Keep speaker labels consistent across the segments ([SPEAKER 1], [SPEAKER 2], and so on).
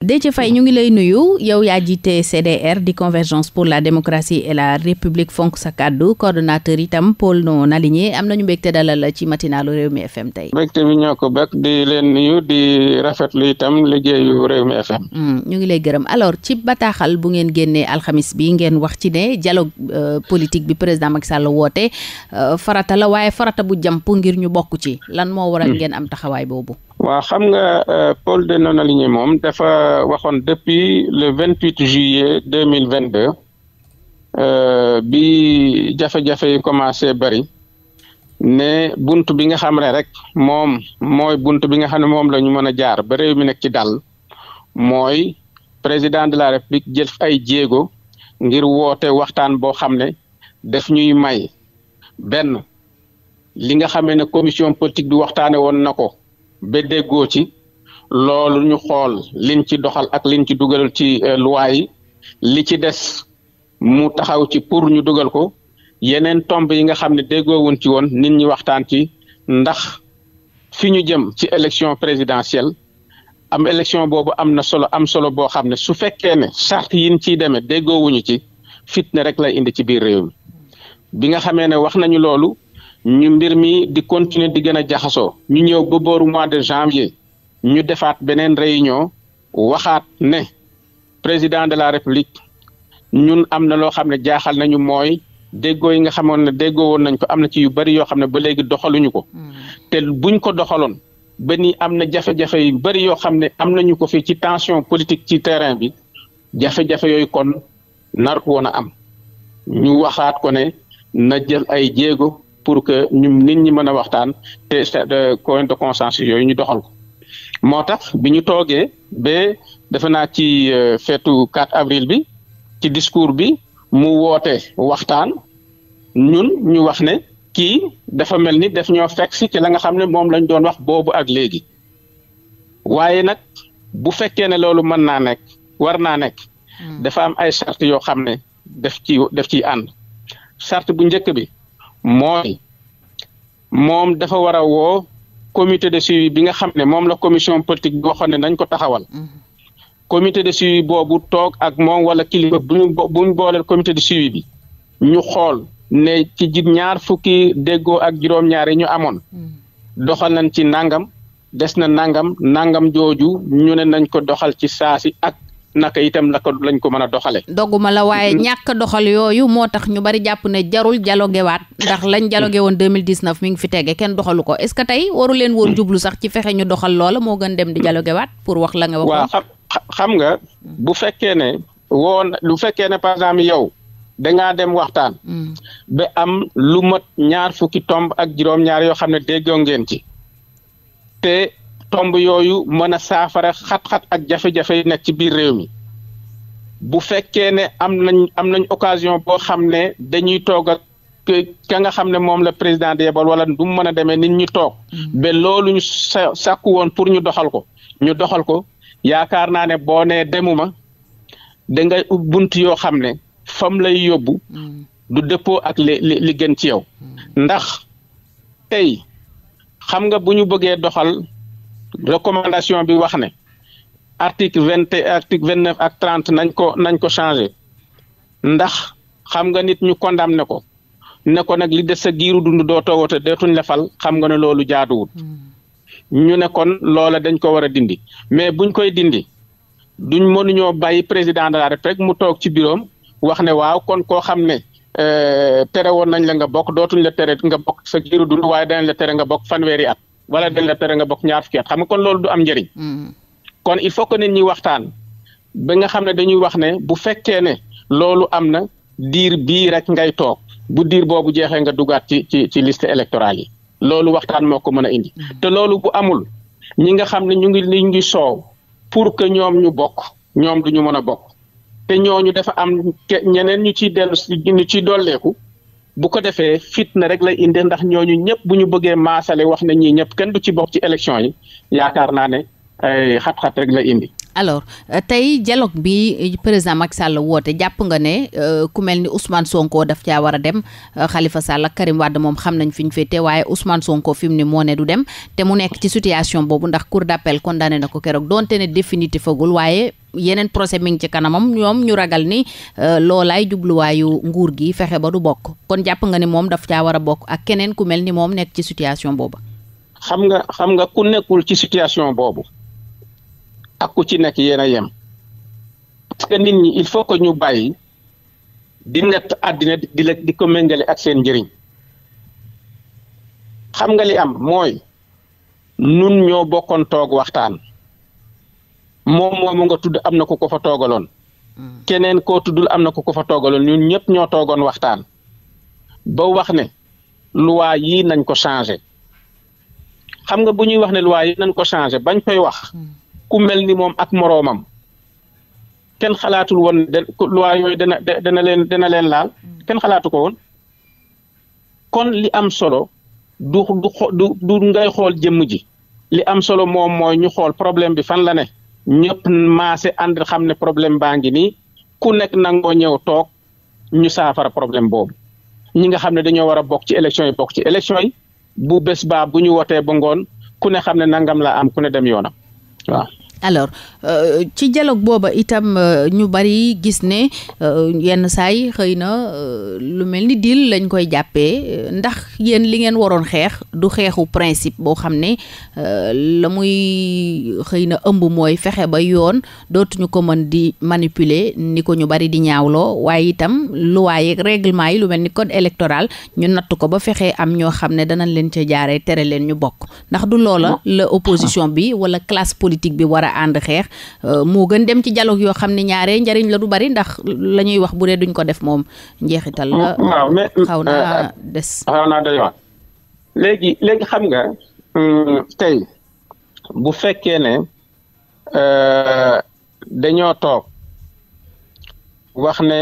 [SPEAKER 1] Déthié Faye ñu ngi lay nuyu yow yaa jiite CDR di convergence pour la démocratie et la république fonk sa kàddu coordonnateur itam pôle non aligné am na nañu mbégte dalal ci matinalu Rewmi
[SPEAKER 2] FM tey. mbégte bi ñoo ko bekk di leen nuyu di rafetlu itam liggéeyu Rewmi FM.
[SPEAKER 1] Hmm, ñu ngi lay gërëm alors ci bataaxal bu ngeen génnee alxamis bi ngeen wax ci ne dialogue euh, politique bi président Macky Sall woote euh, farata la waaye farata bu jàmp ngir ñu bokk ci lan moo waral hmm. ngeen am taxawaay boobu.
[SPEAKER 2] wa xam nga euh, pôle de non aligné moom dafa waxoon depuis le vingt huit juillet deux mille vingt deux euh, bi jafe-jafe yi commencé bari ne bunt bi nga xam rek moom mooy bunt bi nga xam ne moom la ñu mën a jaar ba réew mi nekk ci dal mooy président de la république jël ay jéego ngir woote waxtaan boo xam ne def ñuy may benn li nga xamee ne commission politique bi waxtaane woon na ko ba déggoo ci loolu ñu xool liñ ci doxal ak liñ ci dugal ci euh, loi yi li ci des mu taxaw ci pour ñu dugal ko yeneen tomb yi nga xam ne déggoowuñ ci woon nit ñi waxtaan ci ndax fi ñu jëm ci élection présidentielle am élection boobu am na solo am solo boo xam ne su fekkee ne charte yi ñu ciy demee déggoowuñu ci fitne rek lay indi ci biir réew mi bi nga xamee ne wax nañu loolu ñu mbir mi di continuer di gën a jaxasoo ñu ñëw ba booru mois de janvier ñu defaat beneen réunion waxaat ne président de la république ñun am na loo xam ne jaaxal nañu mooy déggoo yi nga xamoon ne déggoo woon nañ ko am na ci yu bari yoo xam ne ba léegi doxaluñu ko te buñ ko doxaloon ba ni am na jafe-jafe yu bari yoo xam ne am nañu ko fii ci tension politique ci terrain bi jafe-jafe yooyu kon nar ko woon a am ñu waxaat ko ne na jël ay jéego pour que ñu nit ñi mën a waxtaan te point de consensus yooyu ñu doxal ko moo tax bi ñu toogee ba defe naa ci euh, feetu 4 avril bi ci discours bi mu woote waxtaan ñun ñu wax ne kii dafa mel ni def ñoo fekk si ci la nga xam ne moom lañ doon wax boobu ak léegi waaye nag bu fekkee ne loolu mën naa nekk war naa nekk hmm. dafa am ay charte yoo xam ne def ci def ciy ànd bu njëkk bi mooy moom dafa war a woo comité de suivi bi nga xam ne moom la commission politique bi waxoon ne nañ ko taxawal mm-hmm. comité de suivi boobu toog ak moom wala kilifa bu ñu bu booleel comité de suivi bi ñu xool ne ci ji ñaar fukki déggoo ak juróom-ñaar ñu amoon mm-hmm. doxal nañ ci nangam des na nangam nangam jooju ñu ne nañ ko doxal ci saasi ak naka itam naka lañ ko mën a doxale
[SPEAKER 1] doguma la waaye mm-hmm. ñàkk doxal yooyu moo tax ñu bari jàpp ne jarul dialogue waat ndax lañ dialogue woon 2019 mi ngi fi tege kenn doxalu ko est-ce tey waru leen woon mm-hmm. jublu sax ci fexe ñu doxal loola moo gën dem di dialogue waat pour wax la nga waxoon
[SPEAKER 2] waaw xam nga mm-hmm. bu fekkee ne woon lu fekkee ne par exemple yow dangaa dem waxtaan ba am lu mot ñaar fukki tomb ak juróom-ñaar yoo xam ne déggoo ngeen ci te tomb yooyu mën a saafara xat-xat ak jafe-jafe yi ci biir réew mi bu fekkee ne am nañ am nañ occasion boo xam ne dañuy toog ak ka nga xam ne moom la président de yebal wala du mu mën a demee nit ñu toog mm-hmm. ba loolu ñu sa woon pour ñu doxal ko ñu doxal ko yaakaar naa ne boo nee demuma da ngay ub bunt yoo xam ne fam lay yóbbu mm-hmm. du dëppoo ak li li gën ci yow mm-hmm. ndax tey xam nga bu ñu bëggee doxal recommandation bi wax ne article vingt et article vingt neuf ak trente nañ ko nañ ko changé ndax xam nga nit ñu condamné ko ne ko nag li des sa giiru dund doo toogote deetuñ la fal xam nga ne loolu jaaduwul hmm. ñu ne kon loola dañ ko war a dindi mais buñ koy dindi duñ mënuñoo bàyyi président de la république mu toog ci biroom wax ne waaw kon koo xam ne euh, tere woon nañ la nga bokk dootuñ la tere nga bok sa giiru dund waaye danañ la tere nga bokk fanweeri at wala dañ la tere nga bokk ñaar fukki at xam nga kon loolu du am njëriñ. Mm-hmm. kon il faut que nit ñi waxtaan ba nga xam ne dañuy wax ne bu fekkee ne loolu am na diir bii rek ngay toog bu diir boobu jeexee nga dugaat ci ci ci liste électorale yi loolu waxtaan moo ko mën a indi. Mm-hmm. te loolu bu amul ñi nga xam ne ñu ngi ñu ngi soow pour que ñoom ñu bokk ñoom du ñu mën a bokk te ñooñu dafa am ñeneen ñu ciy dellu ñu ciy dolleeku. bu ko defee fitna rek lay indi ndax ñooñu ñëpp bu ñu bëggee maasale wax na ñii ñëpp kenn du ci bokk ci élection yi yaakaar naa ne ay xat-xat rek la indi.
[SPEAKER 1] alors euh, tey dialogue bi euh, président Macky Sall woote jàpp nga ne euh, ku mel ni Ousmane Sonko daf caa war a dem xalifa Sall ak Karim Wade moom xam nañ fi ñu féete waaye usman Sonko fi mu ne moo ne du dem te mu nekk ci situation boobu ndax cour d'appel condamné na ko keroog donte ne définitif agul waaye yeneen mi ngi ci kanamam ñoom ñu ragal ni loolaay jubluwaayu nguur gi fexe ba du bokk kon jàpp nga ni moom daf caa war a bokk ak keneen ku mel ni moom nekk ci situation boobu.
[SPEAKER 2] xam nga xam nga ku nekkul ci situation boobu. ak ku ci nekk yéen a yem parce ñi il faut que ñu bàyyi di nett àddina di la di ko méngale ak seen njëriñ xam nga li am mooy nun ñoo bokkoon toog waxtaan moom moomu nga tudd am na ku ko fa toogaloon mm. keneen koo tuddul am na ku ko fa toogaloon ñun ñëpp ñoo toogoon waxtaan ba wax ne loi yi nañ ko changé xam nga boo ñuy wax ne loi yi nañ ko changé bañ koy wax. Mm. ku mel moom ak moroomam kenn xalaatul woon de yooyu dana dana leen dana leen laal mm. kenn xalaatu ko woon kon li am solo du du du ngay xool jëmm ji li am solo moom mooy ñu xool problème bi fan la ne ñëpp maase ànd xam ne problème baa ngi nii ku nekk nangoo ñëw toog ñu saafara problème boobu ñi nga xam ne dañoo war a bokk ci élection yi bokk ci élection yi bu bés baa bu ñu wotee ba ngoon ku ne xam ne nangam la am ku ne dem yoonam
[SPEAKER 1] waaw. alors euh, ci jaloog booba itam euh, ñu bari gis ne euh, yenn saa yi xëy na lu mel ni deal lañ koy jàppee ndax yéen li ngeen waroon xeex du xeexu principe boo xam ne la muy xëy na ëmb mooy fexe ba yoon dootuñu ko mën di manipuler ni ko ñu bari di ñaawloo waaye itam luwaa yeeg règlement yi lu mel ni code électoral ñu natt ko ba fexe am ñoo xam ne danañ leen ca jaaree tere leen ñu bokk ndax du loola la opposition bi wala classe politique bi war a ànd xeex euh, moo gën dem ci dialogue yoo xam ne ñaare njariñ la du bari ndax la ñuy wax bu dee duñ ko def moom njeexital la mm, euh, xaw na euh,
[SPEAKER 2] des xaw naa doy xam nga tey bu fekkee ne dañoo toog wax ne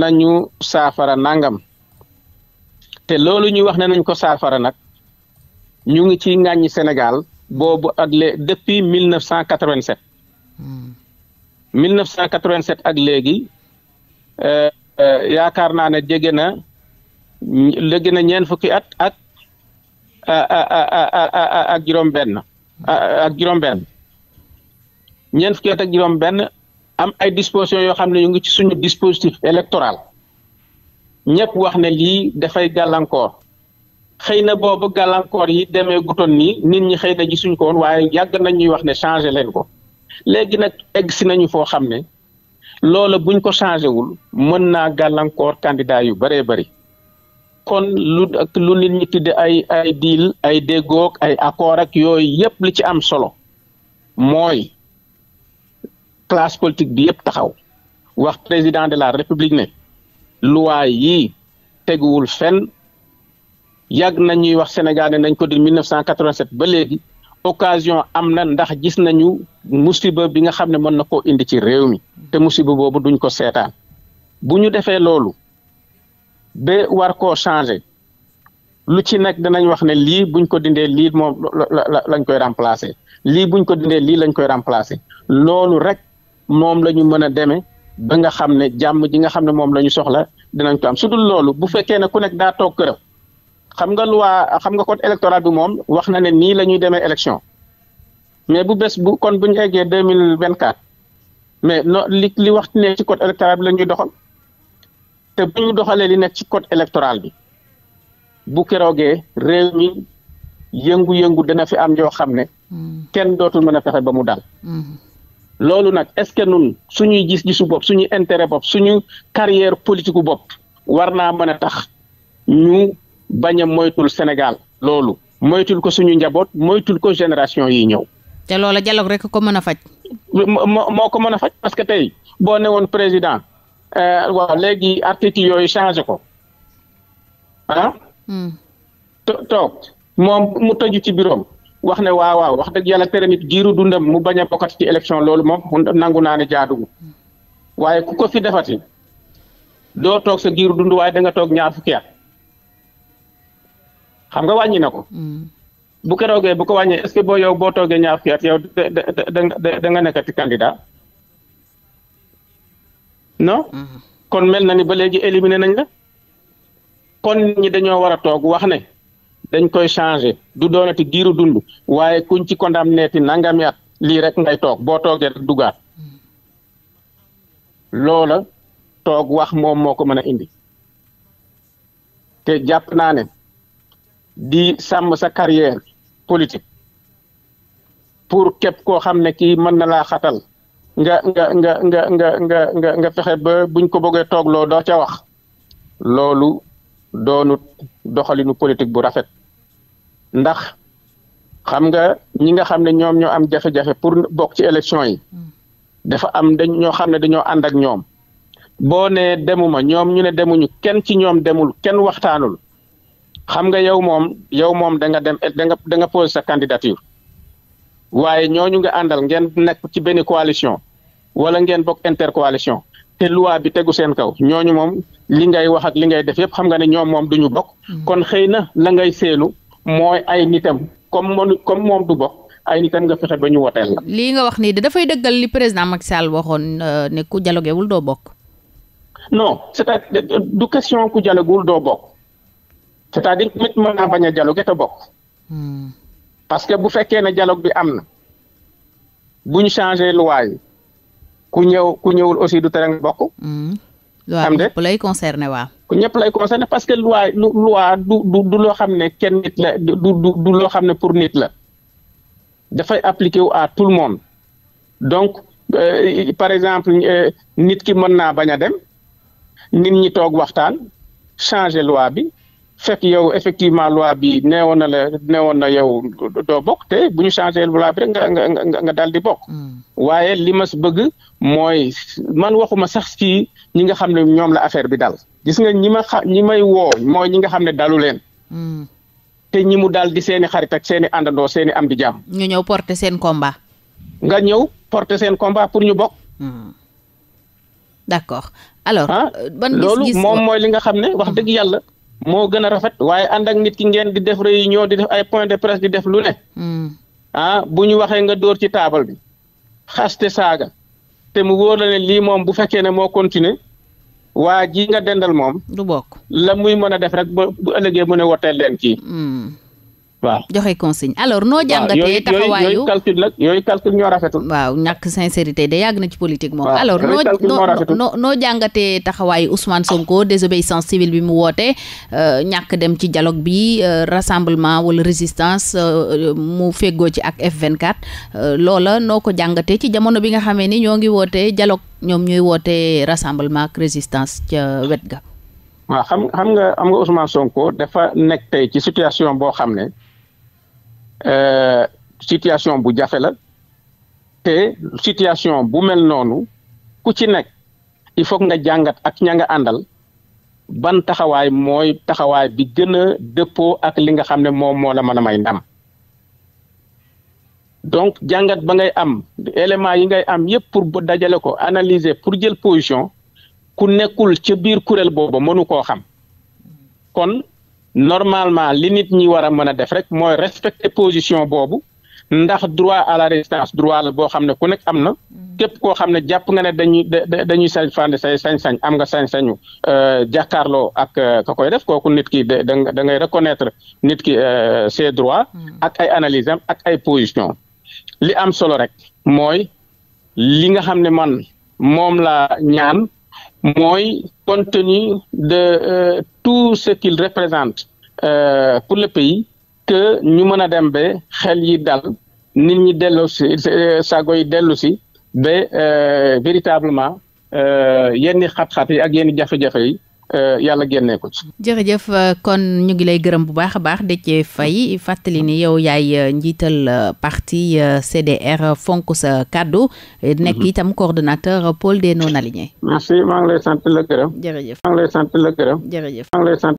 [SPEAKER 2] nañu saafara nangam te loolu ñuy wax ne nañ ko saafara nag ñu ngi ci ŋàññi Sénégal boobu ak lé depuis mille neuf cent quatre vingt sept mille neuf cent quatre vingt sept ak léegi euh, euh, yaakaar naa ne jege na léegi na ñeent fukki at ak ak juróom-benn ak juróom-benn ñeent fukki at ak juróom am ay dispositions yoo xam ne yu ngi ci suñu dispositif électoral ñëpp wax ne lii dafay gàllankoor xëy na boobu gàllankoor yi demee gutoon nii nit ñi xëy na gisuñ ko waaye yàgg nañ ñuy wax ne changé leen ko léegi nag egg si nañu foo xam ne loola buñ ko changé wul mën naa gàllankoor candidat yu bëree bari kon lu lu nit ñi tudde ay ay deal ay déggoog ay accord yooyu yépp lu ci am solo mooy classe politique bi yépp taxaw wax président de la république ne loi yi teguwul fenn yàgg na ñuy wax Sénégal ne nañ ko di 1987 ba léegi occasion am na ndax gis nañu musiba bi nga xam ne mën na koo indi ci réew mi te musiba boobu duñ ko seetaan bu ñu defee loolu ba war ko changé lu ci nekk danañ wax ne lii buñ ko dindee lii moom lañ koy remplacer lii buñ ko dindee lii lañ koy remplacer loolu rek moom la ñu mën a demee ba nga xam ne jàmm ji nga xam ne moom la ñu soxla dinañ ko am sudul loolu bu fekkee ne ku nekk daa toog këram. xam nga loi xam nga code électoral bi moom wax na ne nii la ñuy demee élection mais bu bés bu kon bu ñu eggee deux mille vingt quatre mais no li li wax ne ci code électoral bi la ñuy doxal te bu ñu doxalee li nekk ci code électoral bi bu keroogee réew mi yëngu-yëngu dana fi am yoo xam ne hmm. kenn dootul mën a fexe ba mu dal hmm. loolu nag est-ce que nun suñuy gis-gisu bopp suñu intérêt bopp suñu carrière politique bopp war naa mën a tax ñu bañ a moytul Sénégal loolu moytul ko suñu njaboot moytul ko génération yi ñëw. te loola dialogue rek ko mën a faj. moo ko mën a faj parce que tey boo ne woon président euh, waaw léegi article yooyu changé ko ah. Hmm. toog moom mu tëju ci biroom wax ne waaw waaw wax dëgg yàlla périmètre giiru dundam mu bañ a bokkati ci élection loolu moom nangu naa ne jaaduwul hmm. waaye ku ko fi defati doo toog sa giiru dund waaye da nga toog ñaar fukki at xam nga wàññi na ko. Mm. bu keroogee bu ko wàññee est-ce que boo yow boo toogee ñaar fii at yow da da da nga nekkati mm-hmm. kon mel na ni ba léegi éliminé nañ la. kon ñi dañoo war a toog wax ne dañ koy changer du doonati giiru dund waaye kuñ ci condamné ti nangami at lii rek ngay toog boo toogee rek dugaat mm-hmm. loola toog wax moom moo ko mën a indi te jàpp naa ne. di sàmm sa carrière politique pour képp koo xam ne kii mën na laa xatal nga nga nga nga nga nga nga nga fexe ba buñ ko bëggee toogloo doo ca wax loolu doonut doxalinu politique bu rafet ndax xam nga ñi nga xam ne ñoom ñoo am jafe-jafe pour bokk ci élection yi hmm. dafa am dañ ñoo xam ne dañoo ànd ak ñoom boo nee demuma ñoom ñu ne demuñu kenn ci ñoom demul kenn waxtaanul xam nga yow moom yow moom da nga dem da nga da nga pose sa candidature waaye ñooñu nga àndal ngeen nekk ci benn coalition wala ngeen bokk intercoalition te loi bi tegu seen kaw ñooñu moom li ngay wax ak li ngay def yëpp xam nga ne ñoom moom duñu bokk. Mm-hmm. kon xëy na la ngay seelu mooy ay nitam comme moom comme moom du bokk. ay nit nga fexe ba ñu woteel la.
[SPEAKER 1] lii nga wax nii de dafay dëggal li président Macky Sall waxoon euh, ne ku dialogué doo bokk.
[SPEAKER 2] non cest du question ku dialogué doo bokk c'est-à-dire nit mën naa bañ a dialogue te bokk. Hmm. parce que bu fekkee ne dialogue bi am na bu ñu changé loi ku ñëw ku ñëwul aussi du tere nga bokk. Hmm. am de loi
[SPEAKER 1] ñëpp lay concerné waaw.
[SPEAKER 2] ñëpp lay concerné parce que loi loi du loo xam ne kenn nit la du loo xam ne pour nit la dafay appliqué wu à tout le monde donc euh, par exemple euh, nit ki mën naa bañ a dem nit ñi toog waxtaan changé loi bi. fekk yow effectivement loi bi neewoon na la neewoon na yow doo bokk te bu ñu changé loi bi rek nga nga nga nga daal di bokk. Hmm. waaye li ma bëgg mooy man waxuma sax ci ñi nga xam ne ñoom la affaire bi daal gis nga ñi ma xa ñi may woo mooy ñi nga xam ne dalu leen. Hmm. te ñi mu daal di seeni xarit ak seeni àndandoo seeni am di jàmm.
[SPEAKER 1] ñu ñëw porte seen combat.
[SPEAKER 2] nga ñëw porte seen combat pour ñu bokk. Hmm.
[SPEAKER 1] d'accord ah, euh, loolu moom mooy
[SPEAKER 2] li nga xam ne wax dëgg yàlla. moo gën a rafet waaye ànd ak nit ki ngeen di def ñoo di def ay point de presse di def lu ne hmm. ah bu ñu waxee nga dóor ci taabal bi xaste saaga te mu wóor la ne lii moom bu fekkee ne moo continuer waa ji nga dendal moom du bokk la muy mën a def rek ba bu ëllëgee mu ne woteel leen kii hmm. waaw
[SPEAKER 1] joxe consigne alors noo jàngatee taxawaayu
[SPEAKER 2] yooyu ñoo rafetul
[SPEAKER 1] waaw ñàkk sincérité de yàgg na ci politique moom alors noo noo noo jàngatee taxawaayu Ousmane Sonko désobéissance civile bi mu wootee euh, ñàkk dem ci jaloog bi euh, rassemblement wala résistance euh, mu feggoo ci ak F24 loola noo ko jàngatee ci jamono bi nga xamee ni ñoo ngi wootee dialogue ñoom ñooy wootee rassemblement ak résistance ca wet ga
[SPEAKER 2] waaw xam xam nga xam Sonko dafa nekk tey ci situation boo xam ne Euh, situation bu jafe la te situation bu mel noonu ku ci nekk il faut nga jàngat ak ña nga àndal ban taxawaay mooy taxawaay bi gën dëppo ak li nga xam ne moom moo la mën a may ndam donc jàngat ba ngay am élément yi ngay am yépp pour dajale ko analyser pour jël position ku nekkul ca biir kuréel boobu mënu koo xam kon normalement li nit ñi war a mën a def rek mooy respecter position boobu ndax droit à la résistance droit boo xam ne ku nekk am na mm-hmm. képp koo xam ne jàpp nga ne dañuy dañuy sañ fànn say sañ-sañ am nga sañ-sañu euh, jàkkaarloo ak euh, ka koy def kooku nit ki da da ngay reconnaître nit ki euh, ses droits mm-hmm. ak ay analyse ak ay position li am solo rek mooy li nga xam ne man moom la ñaan mooy compte de euh, tout ce qu'il représente euh, pour le pays que ñu mën a dem ba xel yi dal nit ñi dellu si euh, sago yi dellu si ba euh, véritablement euh, yenn xat-xat yi ak yenn jafe-jafe yi Euh, yàlla génnee ko ci.
[SPEAKER 1] jërëjëf euh, kon ñu ngi lay gërëm bu baax a baax cee Faye fàttali ni yow yaay euh, njiital parti CDR fonk sa kàddu nekk mhm. itam coordonnateur pôle des non alignés. merci maa
[SPEAKER 2] ngi lay sant la gërëm. la gërëm. jërëjëf maa